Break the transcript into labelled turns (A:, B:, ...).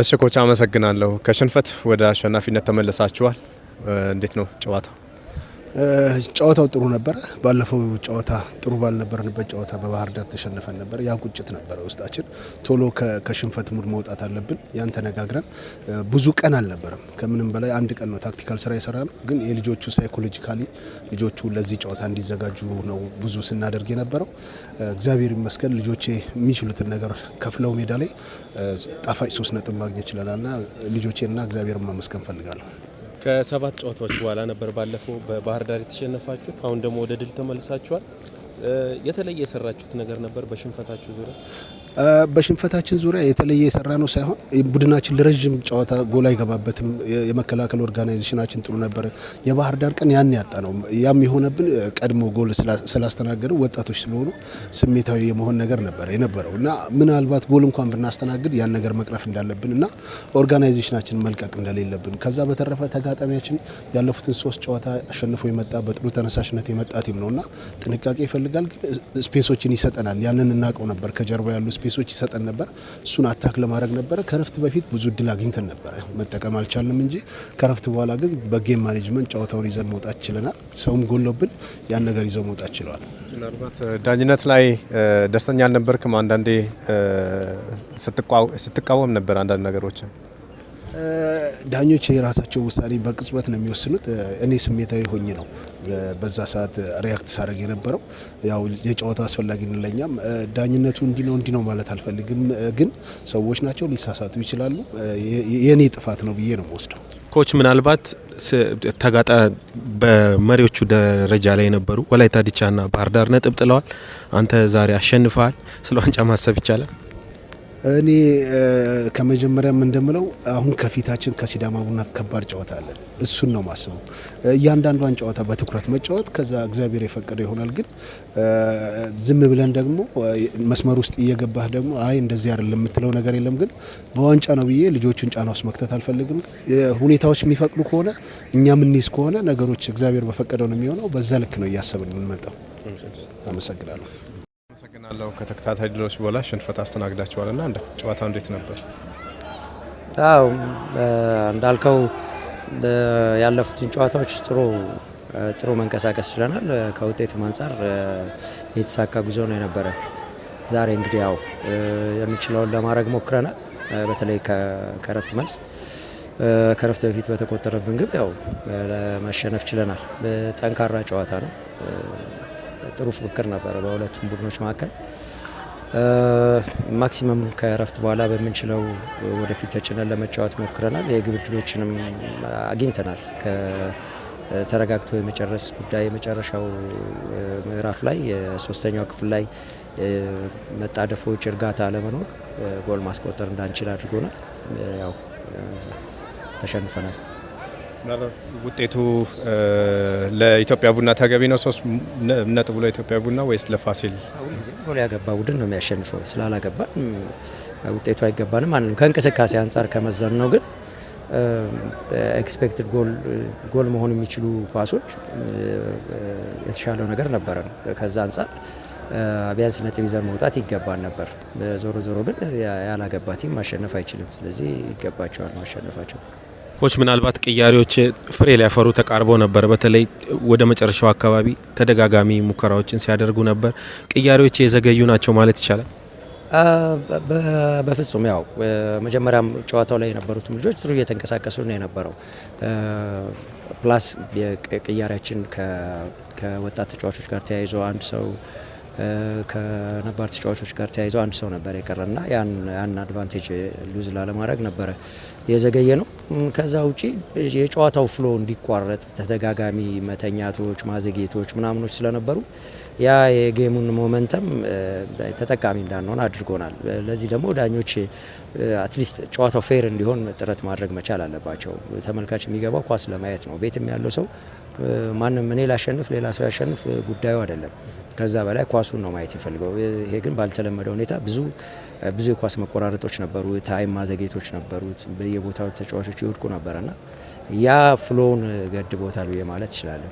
A: እሺ ኮች አመሰግናለሁ። ከሽንፈት ወደ አሸናፊነት ተመልሳችኋል። እንዴት ነው ጨዋታ?
B: ጨዋታው ጥሩ ነበረ። ባለፈው ጨዋታ ጥሩ ባልነበርንበት ጨዋታ በባህር ዳር ተሸንፈን ነበር። ያ ቁጭት ነበረ ውስጣችን። ቶሎ ከሽንፈት ሙድ መውጣት አለብን። ያን ተነጋግረን ብዙ ቀን አልነበረም። ከምንም በላይ አንድ ቀን ነው ታክቲካል ስራ የሰራ ነው። ግን የልጆቹ ሳይኮሎጂካሊ ልጆቹ ለዚህ ጨዋታ እንዲዘጋጁ ነው ብዙ ስናደርግ የነበረው። እግዚአብሔር ይመስገን ልጆቼ የሚችሉትን ነገር ከፍለው ሜዳ ላይ ጣፋጭ ሶስት ነጥብ ማግኘት ችለናል እና ልጆቼና እግዚአብሔር ማመስገን ፈልጋለሁ።
A: ከሰባት ጨዋታዎች በኋላ ነበር ባለፈው በባህር ዳር የተሸነፋችሁት። አሁን ደግሞ ወደ ድል ተመልሳችኋል። የተለየ የሰራችሁት ነገር ነበር በሽንፈታችሁ ዙሪያ?
B: በሽንፈታችን ዙሪያ የተለየ የሰራ ነው ሳይሆን ቡድናችን ለረዥም ጨዋታ ጎል አይገባበትም። የመከላከል ኦርጋናይዜሽናችን ጥሩ ነበር። የባህር ዳር ቀን ያን ያጣ ነው። ያም የሆነብን ቀድሞ ጎል ስላስተናገዱ ወጣቶች ስለሆኑ ስሜታዊ የመሆን ነገር ነበር የነበረው እና ምናልባት ጎል እንኳን ብናስተናግድ ያን ነገር መቅረፍ እንዳለብን እና ኦርጋናይዜሽናችን መልቀቅ እንደሌለብን ከዛ በተረፈ ተጋጣሚያችን ያለፉትን ሶስት ጨዋታ አሸንፎ የመጣ በጥሩ ተነሳሽነት የመጣ ቲም ነው እና ጥንቃቄ ይፈልጋል። ግን ስፔሶችን ይሰጠናል። ያንን እናውቀው ነበር ከጀርባ ያሉ ስፔሶች ይሰጠን ነበር። እሱን አታክ ለማድረግ ነበረ። ከረፍት በፊት ብዙ እድል አግኝተን ነበረ፣ መጠቀም አልቻልንም እንጂ ከረፍት በኋላ ግን በጌም ማኔጅመንት ጨዋታውን ይዘን መውጣት ችለናል። ሰውም ጎሎብን ያን ነገር ይዘው መውጣት ችለዋል።
A: ምናልባት ዳኝነት ላይ ደስተኛ አልነበርክም? አንዳንዴ ስትቃወም ነበር አንዳንድ ነገሮችን
B: ዳኞች የራሳቸው ውሳኔ በቅጽበት ነው የሚወስኑት። እኔ ስሜታዊ ሆኝ ነው በዛ ሰዓት ሪያክት ሳደርግ የነበረው። ያው የጨዋታ አስፈላጊ ለኛም። ዳኝነቱ እንዲነው ነው ነው ማለት አልፈልግም፣ ግን ሰዎች ናቸው፣ ሊሳሳቱ ይችላሉ። የእኔ ጥፋት ነው ብዬ ነው የምወስደው።
A: ኮች ምናልባት ተጋጣ በመሪዎቹ ደረጃ ላይ የነበሩ ወላይታ ዲቻና ባህር ዳር ነጥብ ጥለዋል። አንተ ዛሬ አሸንፈሃል። ስለ ዋንጫ ማሰብ ይቻላል?
B: እኔ ከመጀመሪያም እንደምለው አሁን ከፊታችን ከሲዳማ ቡና ከባድ ጨዋታ አለ። እሱን ነው ማስበው። እያንዳንዷን ጨዋታ በትኩረት መጫወት ከዛ እግዚአብሔር የፈቀደው ይሆናል። ግን ዝም ብለን ደግሞ መስመር ውስጥ እየገባህ ደግሞ አይ እንደዚህ አይደለም የምትለው ነገር የለም። ግን በዋንጫ ነው ብዬ ልጆቹን ጫና ውስጥ መክተት አልፈልግም። ሁኔታዎች የሚፈቅዱ ከሆነ እኛ ምንይዝ ከሆነ ነገሮች እግዚአብሔር በፈቀደው ነው የሚሆነው። በዛ ልክ ነው እያሰብን የምንመጣው። አመሰግናለሁ።
A: አመሰግናለሁ። ከተከታታይ ድሎች በኋላ ሽንፈት አስተናግዳችኋል እንደ ጨዋታው እንዴት ነበር?
C: አው እንዳልከው ያለፉትን ጨዋታዎች ጥሩ ጥሩ መንቀሳቀስ ችለናል። ከውጤትም አንጻር የተሳካ ጉዞ ነው የነበረ። ዛሬ እንግዲህ ያው የምንችለውን ለማድረግ ሞክረናል። በተለይ ከረፍት መልስ ከረፍት በፊት በተቆጠረብን ግብ ያው መሸነፍ ችለናል። ጠንካራ ጨዋታ ነው። ጥሩ ፉክክር ነበረ በሁለቱም ቡድኖች መካከል። ማክሲመም ከእረፍት በኋላ በምንችለው ወደፊት ተጭነን ለመጫወት ሞክረናል። የግብ ዕድሎችንም አግኝተናል። ከተረጋግቶ የመጨረስ ጉዳይ የመጨረሻው ምዕራፍ ላይ የሶስተኛው ክፍል ላይ መጣደፎች፣ እርጋታ አለመኖር ጎል ማስቆጠር እንዳንችል አድርጎናል። ያው ተሸንፈናል።
A: ውጤቱ ለኢትዮጵያ ቡና ተገቢ ነው ሶስት ነጥብ ለኢትዮጵያ ቡና ወይስ ለፋሲል?
C: ጎል ያገባ ቡድን ነው የሚያሸንፈው። ስላላገባን ውጤቱ አይገባንም አንልም። ከእንቅስቃሴ አንጻር ከመዘን ነው ግን ኤክስፔክትድ ጎል መሆን የሚችሉ ኳሶች የተሻለው ነገር ነበረ ነው። ከዛ አንጻር ቢያንስ ነጥብ ይዘን መውጣት ይገባን ነበር። ዞሮ ዞሮ ግን ያላገባ ቲም ማሸነፍ አይችልም። ስለዚህ ይገባቸዋል ማሸነፋቸው።
A: ቶፖች ምናልባት ቅያሬዎች ፍሬ ሊያፈሩ ተቃርቦ ነበር። በተለይ ወደ መጨረሻው አካባቢ ተደጋጋሚ ሙከራዎችን ሲያደርጉ ነበር። ቅያሬዎች የዘገዩ ናቸው ማለት ይቻላል?
C: በፍጹም ያው መጀመሪያም ጨዋታው ላይ የነበሩትም ልጆች ጥሩ እየተንቀሳቀሱ ነው የነበረው። ፕላስ ቅያሬያችን ከወጣት ተጫዋቾች ጋር ተያይዞ አንድ ሰው ከነባር ተጫዋቾች ጋር ተያይዞ አንድ ሰው ነበር የቀረና ያን አድቫንቴጅ ሉዝ ላለማድረግ ነበረ የዘገየ ነው። ከዛ ውጪ የጨዋታው ፍሎ እንዲቋረጥ ተደጋጋሚ መተኛቶች፣ ማዘጌቶች ምናምኖች ስለነበሩ ያ የጌሙን ሞመንተም ተጠቃሚ እንዳንሆን አድርጎናል። ለዚህ ደግሞ ዳኞች አትሊስት ጨዋታው ፌር እንዲሆን ጥረት ማድረግ መቻል አለባቸው። ተመልካች የሚገባው ኳስ ለማየት ነው። ቤትም ያለው ሰው ማንም እኔ ላሸንፍ ሌላ ሰው ያሸንፍ ጉዳዩ አይደለም። ከዛ በላይ ኳሱን ነው ማየት ይፈልገው። ይሄ ግን ባልተለመደ ሁኔታ ብዙ ብዙ የኳስ መቆራረጦች ነበሩ፣ ታይም ማዘጌቶች ነበሩት፣ በየቦታው ተጫዋቾች ይወድቁ ነበረና ያ ፍሎውን ገድቦታል ብዬ ማለት እችላለሁ።